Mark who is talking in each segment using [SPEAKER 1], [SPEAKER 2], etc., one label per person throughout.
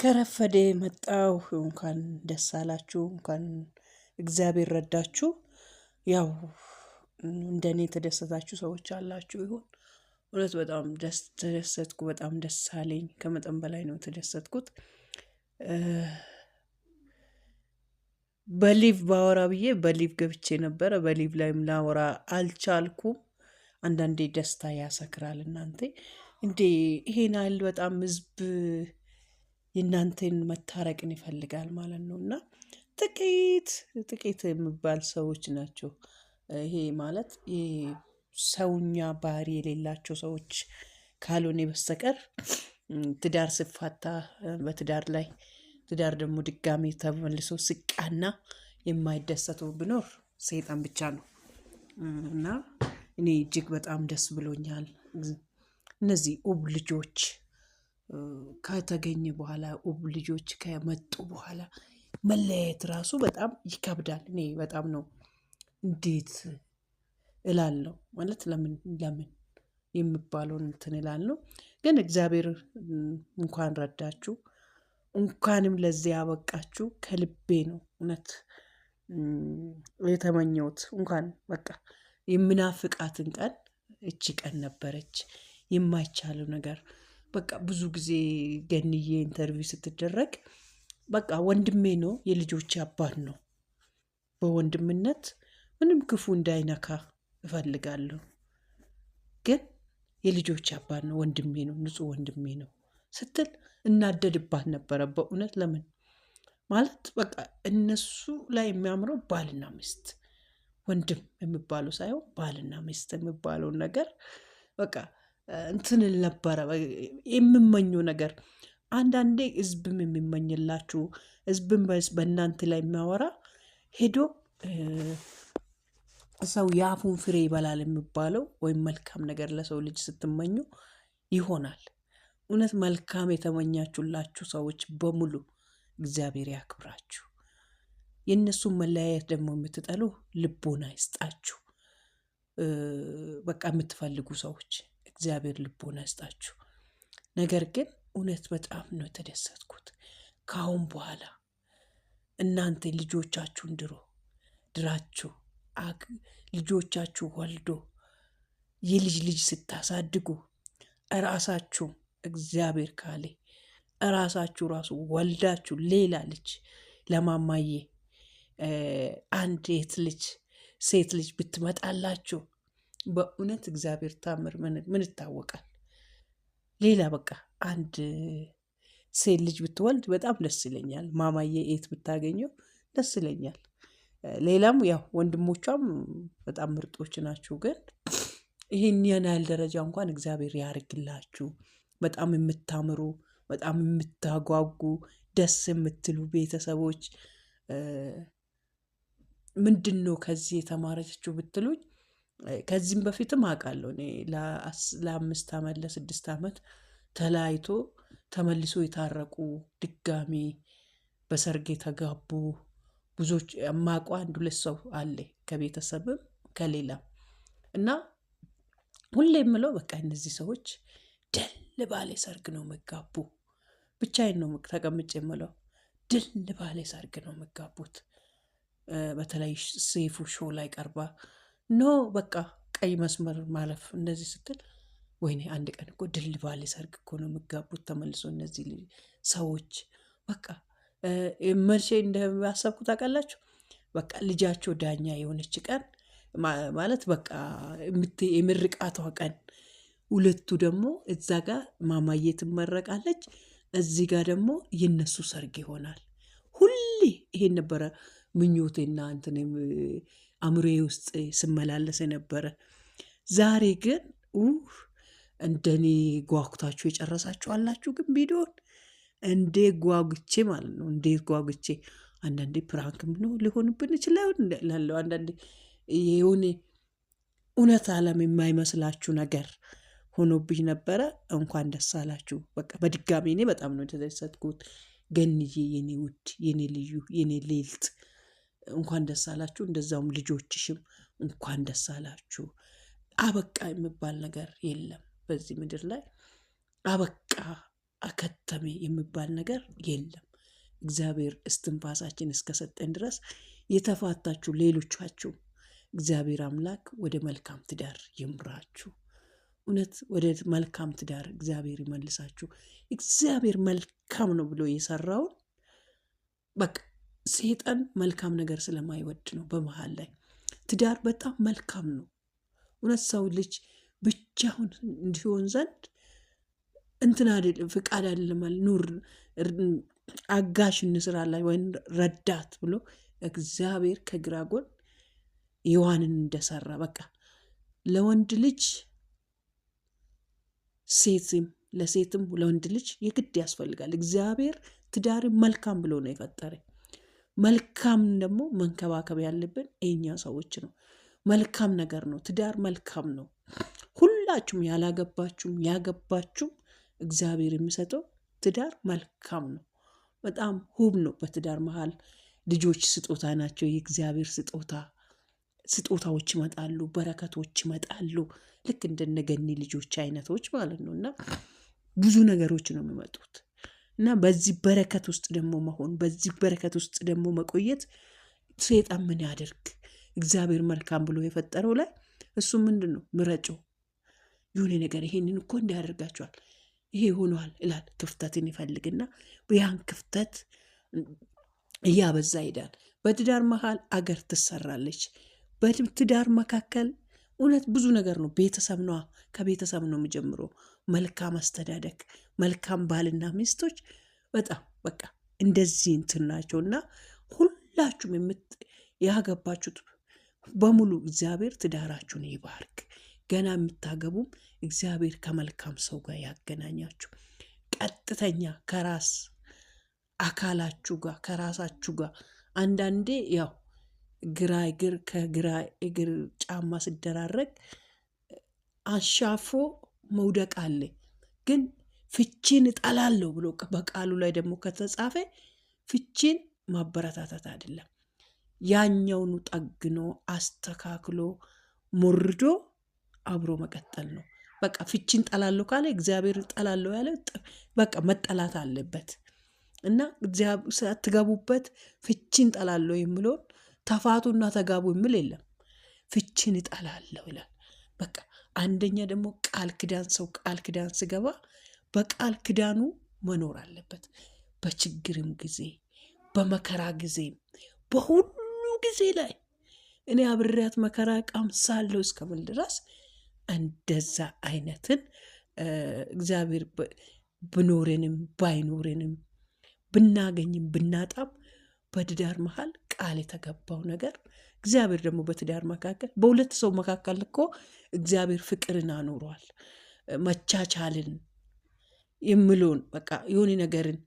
[SPEAKER 1] ከረፈደ መጣው እንኳን ደስ አላችሁ፣ እንኳን እግዚአብሔር ረዳችሁ። ያው እንደኔ የተደሰታችሁ ሰዎች አላችሁ ይሆን? እውነት በጣም ደስ ተደሰትኩ። በጣም ደስ አለኝ። ከመጠን በላይ ነው የተደሰትኩት። በሊቭ ባወራ ብዬ በሊቭ ገብቼ ነበረ። በሊቭ ላይም ላወራ አልቻልኩም። አንዳንዴ ደስታ ያሰክራል። እናንተ እንዴ ይሄን ያህል በጣም ህዝብ የእናንተን መታረቅን ይፈልጋል ማለት ነው እና ጥቂት ጥቂት የሚባል ሰዎች ናቸው። ይሄ ማለት ሰውኛ ባህሪ የሌላቸው ሰዎች ካልሆነ በስተቀር ትዳር ስፋታ በትዳር ላይ ትዳር ደግሞ ድጋሚ ተመልሶ ስቃና የማይደሰቱ ብኖር ሰይጣን ብቻ ነው እና እኔ እጅግ በጣም ደስ ብሎኛል። እነዚህ ውብ ልጆች ከተገኘ በኋላ ውብ ልጆች ከመጡ በኋላ መለያየት ራሱ በጣም ይከብዳል። እኔ በጣም ነው እንዴት እላለው ማለት ለምን ለምን የሚባለውን እንትን እላለሁ። ግን እግዚአብሔር እንኳን ረዳችሁ እንኳንም ለዚህ ያበቃችሁ ከልቤ ነው እውነት የተመኘሁት። እንኳን በቃ የምናፍቃትን ቀን እቺ ቀን ነበረች። የማይቻለው ነገር በቃ ብዙ ጊዜ ገንዬ ኢንተርቪው ስትደረግ በቃ ወንድሜ ነው፣ የልጆች አባት ነው። በወንድምነት ምንም ክፉ እንዳይነካ እፈልጋለሁ። ግን የልጆች አባት ነው፣ ወንድሜ ነው፣ ንጹህ ወንድሜ ነው ስትል እናደድባት ነበረ። በእውነት ለምን ማለት በቃ እነሱ ላይ የሚያምረው ባልና ሚስት ወንድም የሚባለው ሳይሆን ባልና ሚስት የሚባለውን ነገር በቃ እንትንል ነበረ የምመኘው ነገር። አንዳንዴ ህዝብም የሚመኝላችሁ ህዝብም በእናንተ ላይ የሚያወራ ሄዶ ሰው የአፉን ፍሬ ይበላል የሚባለው ወይም መልካም ነገር ለሰው ልጅ ስትመኙ ይሆናል። እውነት መልካም የተመኛችሁላችሁ ሰዎች በሙሉ እግዚአብሔር ያክብራችሁ። የእነሱን መለያየት ደግሞ የምትጠሉ ልቦና ይስጣችሁ። በቃ የምትፈልጉ ሰዎች እግዚአብሔር ልቦና ይስጣችሁ። ነገር ግን እውነት በጣም ነው የተደሰትኩት። ከአሁን በኋላ እናንተ ልጆቻችሁን ድሮ ድራችሁ ልጆቻችሁ ወልዶ የልጅ ልጅ ስታሳድጉ እራሳችሁ እግዚአብሔር ካሌ እራሳችሁ ራሱ ወልዳችሁ ሌላ ልጅ ለማማዬ አንድ የት ልጅ ሴት ልጅ ብትመጣላችሁ በእውነት እግዚአብሔር ታምር ምን ይታወቃል? ሌላ በቃ አንድ ሴት ልጅ ብትወልድ በጣም ደስ ይለኛል። ማማዬ ኤት ብታገኘው ደስ ይለኛል። ሌላም ያው ወንድሞቿም በጣም ምርጦች ናችሁ። ግን ይሄን ያህል ደረጃ እንኳን እግዚአብሔር ያርግላችሁ። በጣም የምታምሩ በጣም የምታጓጉ ደስ የምትሉ ቤተሰቦች ምንድን ነው ከዚህ የተማረችው ብትሉኝ ከዚህም በፊትም አውቃለሁ እኔ ለአምስት ዓመት ለስድስት ዓመት ተለያይቶ ተመልሶ የታረቁ ድጋሚ በሰርግ የተጋቡ ብዙዎች የማውቀው አንድ ሁለት ሰው አለ ከቤተሰብም ከሌላም እና ሁሌ የምለው በቃ እነዚህ ሰዎች ድል ባለ ሰርግ ነው የሚጋቡ። ብቻዬን ነው ተቀምጭ የምለው ድል ባለ ሰርግ ነው የሚጋቡት። በተለይ ሴፉ ሾው ላይ ቀርባ ኖ በቃ ቀይ መስመር ማለፍ እንደዚህ ስትል ወይኔ አንድ ቀን እኮ ድል ባለ ሰርግ እኮ ነው የሚጋቡት ተመልሶ እነዚህ ሰዎች በቃ መቼ እንደሚያሰብኩ ታውቃላችሁ? በቃ ልጃቸው ዳኛ የሆነች ቀን ማለት በቃ የምርቃቷ ቀን ሁለቱ ደግሞ እዛ ጋር ማማዬ ትመረቃለች፣ እዚህ ጋር ደግሞ የነሱ ሰርግ ይሆናል። ሁሌ ይሄን ነበረ ምኞቴና እንትን አእምሮዬ ውስጥ ስመላለስ የነበረ። ዛሬ ግን እንደኔ ጓጉታችሁ የጨረሳችሁ አላችሁ። ግን ቪዲዮን እንዴ ጓጉቼ ማለት ነው እንዴ ጓጉቼ አንዳንዴ ፕራንክ ነው ሊሆንብን ይችላል ላለው አንዳንዴ የሆነ እውነት ዓለም የማይመስላችሁ ነገር ሆኖብኝ ነበረ። እንኳን ደስ አላችሁ። በቃ በድጋሚ እኔ በጣም ነው የተደሰትኩት። ገንዬ የኔ ውድ የኔ ልዩ የኔ ሌልት እንኳን ደስ አላችሁ። እንደዛውም ልጆችሽም እንኳን ደስ አላችሁ። አበቃ የሚባል ነገር የለም በዚህ ምድር ላይ አበቃ አከተሜ የሚባል ነገር የለም። እግዚአብሔር እስትንፋሳችን እስከሰጠን ድረስ የተፋታችሁ ሌሎቻችሁ እግዚአብሔር አምላክ ወደ መልካም ትዳር ይምራችሁ። እውነት ወደ መልካም ትዳር እግዚአብሔር ይመልሳችሁ። እግዚአብሔር መልካም ነው ብሎ የሰራውን በቃ ሴጠን መልካም ነገር ስለማይወድ ነው። በመሀል ላይ ትዳር በጣም መልካም ነው። እውነት ሰው ልጅ ብቻውን እንዲሆን ዘንድ እንትን ፍቃድ አይደለም። ኑር አጋሽ እንስራ ወይም ረዳት ብሎ እግዚአብሔር ከግራ ጎን ሔዋንን እንደሰራ በቃ ለወንድ ልጅ ሴትም ለሴትም ለወንድ ልጅ የግድ ያስፈልጋል። እግዚአብሔር ትዳርን መልካም ብሎ ነው የፈጠረ። መልካም ደግሞ መንከባከብ ያለብን እኛ ሰዎች ነው። መልካም ነገር ነው። ትዳር መልካም ነው። ሁላችሁም ያላገባችሁም ያገባችሁም እግዚአብሔር የሚሰጠው ትዳር መልካም ነው። በጣም ውብ ነው። በትዳር መሀል ልጆች ስጦታ ናቸው። የእግዚአብሔር ስጦታ ስጦታዎች ይመጣሉ፣ በረከቶች ይመጣሉ። ልክ እንደነገኒ ልጆች አይነቶች ማለት ነው እና ብዙ ነገሮች ነው የሚመጡት። እና በዚህ በረከት ውስጥ ደግሞ መሆን በዚህ በረከት ውስጥ ደግሞ መቆየት ሴጣን ምን ያደርግ እግዚአብሔር መልካም ብሎ የፈጠረው ላይ እሱ ምንድን ነው ምረጮ የሆነ ነገር ይሄንን እኮ እንዲያደርጋቸዋል ይሄ ሆኗል ይላል። ክፍተትን ይፈልግና ያን ክፍተት እያበዛ ይሄዳል። በትዳር መሃል አገር ትሰራለች። በትዳር መካከል እውነት ብዙ ነገር ነው። ቤተሰብ ነዋ። ከቤተሰብ ነው የሚጀምረው። መልካም አስተዳደግ፣ መልካም ባልና ሚስቶች በጣም በቃ እንደዚህ እንትን ናቸው እና ሁላችሁም የምት ያገባችሁት በሙሉ እግዚአብሔር ትዳራችሁን ይባርክ። ገና የምታገቡም እግዚአብሔር ከመልካም ሰው ጋር ያገናኛችሁ። ቀጥተኛ ከራስ አካላችሁ ጋር ከራሳችሁ ጋር አንዳንዴ ያው ግራ እግር ከግራ እግር ጫማ ስደራረግ አሻፎ መውደቅ አለ። ግን ፍቺን እጠላለሁ ብሎ በቃሉ ላይ ደግሞ ከተጻፈ ፍቺን ማበረታታት አይደለም። ያኛውኑ ጠግኖ አስተካክሎ ሞርዶ አብሮ መቀጠል ነው። በቃ ፍቺን ጠላለሁ ካለ እግዚአብሔር ጠላለሁ ያለ በቃ መጠላት አለበት እና አትገቡበት። ፍቺን ጠላለሁ የምለውን ተፋቱና ተጋቡ የሚል የለም። ፍቺን እጠላለሁ ይላል። በቃ አንደኛ ደግሞ ቃል ክዳን ሰው ቃል ክዳን ስገባ በቃል ክዳኑ መኖር አለበት። በችግርም ጊዜ በመከራ ጊዜም በሁሉ ጊዜ ላይ እኔ አብሬያት መከራ ቀምሳለሁ እስከምል ድረስ እንደዛ አይነትን እግዚአብሔር ብኖረንም ባይኖረንም ብናገኝም ብናጣም በድዳር መሀል ቃል የተገባው ነገር እግዚአብሔር ደግሞ በትዳር መካከል በሁለት ሰው መካከል እኮ እግዚአብሔር ፍቅርን አኑሯል። መቻቻልን የምለውን በቃ የሆነ ነገርን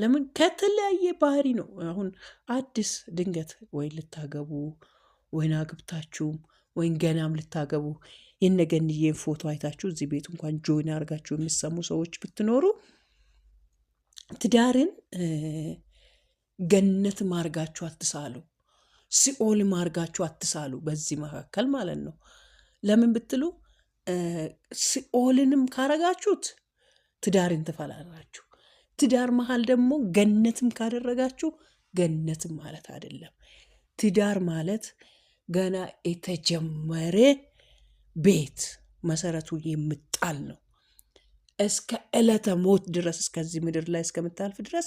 [SPEAKER 1] ለምን ከተለያየ ባህሪ ነው። አሁን አዲስ ድንገት ወይ ልታገቡ ወይን አግብታችሁም ወይን ገናም ልታገቡ የነገንዬን ፎቶ አይታችሁ እዚህ ቤት እንኳን ጆይን አድርጋችሁ የሚሰሙ ሰዎች ብትኖሩ ትዳርን ገነት ማርጋችሁ አትሳሉ፣ ሲኦል ማርጋችሁ አትሳሉ። በዚህ መካከል ማለት ነው። ለምን ብትሉ ሲኦልንም ካረጋችሁት ትዳርን ትፈላላችሁ። ትዳር መሀል ደግሞ ገነትም ካደረጋችሁ ገነትም ማለት አይደለም። ትዳር ማለት ገና የተጀመረ ቤት መሰረቱ የምጣል ነው። እስከ ዕለተ ሞት ድረስ እስከዚህ ምድር ላይ እስከምታልፍ ድረስ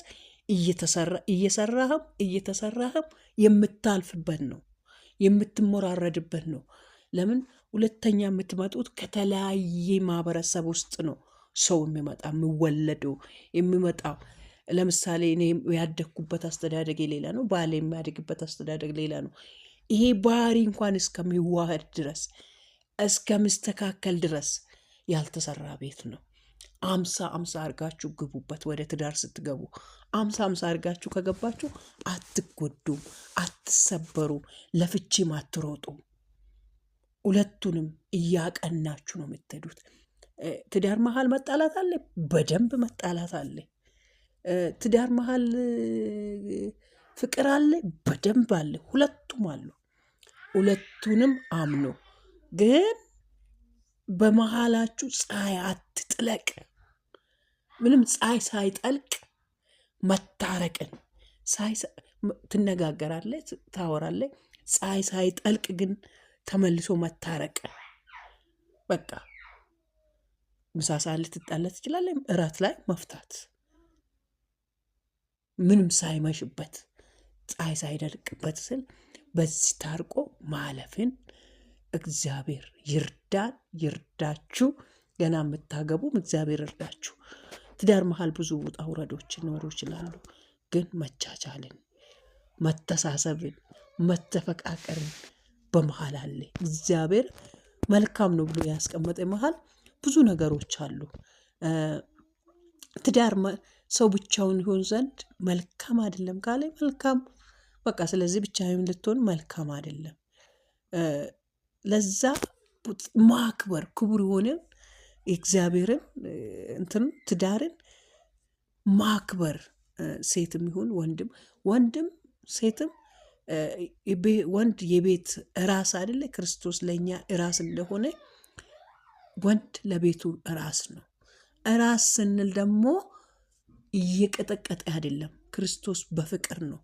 [SPEAKER 1] እየሰራህም እየተሰራህም የምታልፍበት ነው፣ የምትሞራረድበት ነው። ለምን ሁለተኛ የምትመጡት ከተለያየ ማህበረሰብ ውስጥ ነው ሰው የሚመጣ የሚወለደው የሚመጣው። ለምሳሌ እኔ ያደግኩበት አስተዳደግ ሌላ ነው፣ ባሌ የሚያደግበት አስተዳደግ ሌላ ነው። ይሄ ባህሪ እንኳን እስከሚዋህድ ድረስ እስከሚስተካከል ድረስ ያልተሰራ ቤት ነው። አምሳ አምሳ አርጋችሁ ግቡበት። ወደ ትዳር ስትገቡ አምሳ አምሳ አርጋችሁ ከገባችሁ አትጎዱም፣ አትሰበሩም፣ ለፍቺም አትሮጡም። ሁለቱንም እያቀናችሁ ነው የምትሄዱት። ትዳር መሀል መጣላት አለ፣ በደንብ መጣላት አለ። ትዳር መሀል ፍቅር አለ፣ በደንብ አለ። ሁለቱም አሉ። ሁለቱንም አምኖ ግን በመሃላችሁ ፀሐይ አትጥለቅ። ምንም ፀሐይ ሳይጠልቅ መታረቅን ትነጋገራለ፣ ታወራለ። ፀሐይ ሳይጠልቅ ግን ተመልሶ መታረቅ በቃ ምሳ ሰዓት ልትጣላ ትችላለህ። እራት ላይ መፍታት ምንም ሳይመሽበት ፀሐይ ሳይደልቅበት ስል በዚህ ታርቆ ማለፍን እግዚአብሔር ይርዳን፣ ይርዳችሁ። ገና የምታገቡም እግዚአብሔር ይርዳችሁ። ትዳር መሀል ብዙ ውጣ ውረዶች ሊኖሩ ይችላሉ። ግን መቻቻልን፣ መተሳሰብን፣ መተፈቃቀርን በመሀል አለ። እግዚአብሔር መልካም ነው ብሎ ያስቀመጠ መሀል ብዙ ነገሮች አሉ። ትዳር ሰው ብቻውን ይሆን ዘንድ መልካም አይደለም ካለ መልካም በቃ ስለዚህ ብቻዬን ልትሆን መልካም አይደለም። ለዛ ማክበር ክቡር የሆነ እግዚአብሔርን እንትን ትዳርን ማክበር ሴትም ይሁን ወንድም ወንድም ሴትም ወንድ የቤት ራስ አይደለ? ክርስቶስ ለእኛ ራስ እንደሆነ ወንድ ለቤቱ ራስ ነው። ራስ ስንል ደግሞ እየቀጠቀጠ አይደለም። ክርስቶስ በፍቅር ነው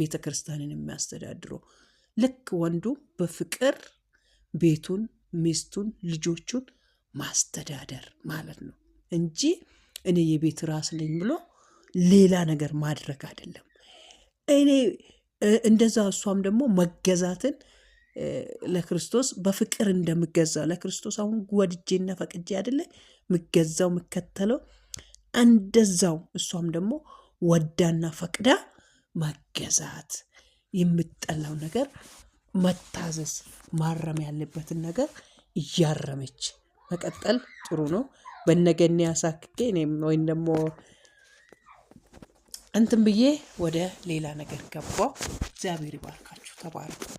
[SPEAKER 1] ቤተ ክርስቲያንን የሚያስተዳድረው። ልክ ወንዱ በፍቅር ቤቱን፣ ሚስቱን፣ ልጆቹን ማስተዳደር ማለት ነው እንጂ እኔ የቤት ራስ ነኝ ብሎ ሌላ ነገር ማድረግ አይደለም። እኔ እንደዛ እሷም ደግሞ መገዛትን ለክርስቶስ በፍቅር እንደምገዛ ለክርስቶስ አሁን ወድጄና ፈቅጄ አይደለ ምገዛው ምከተለው እንደዛው እሷም ደግሞ ወዳና ፈቅዳ መገዛት የምጠላው ነገር መታዘዝ ማረም ያለበትን ነገር እያረመች መቀጠል ጥሩ ነው። በነገን ያሳክኬ እኔም ወይም ደግሞ እንትን ብዬ ወደ ሌላ ነገር ገባው። እግዚአብሔር ይባርካችሁ። ተባረኩ።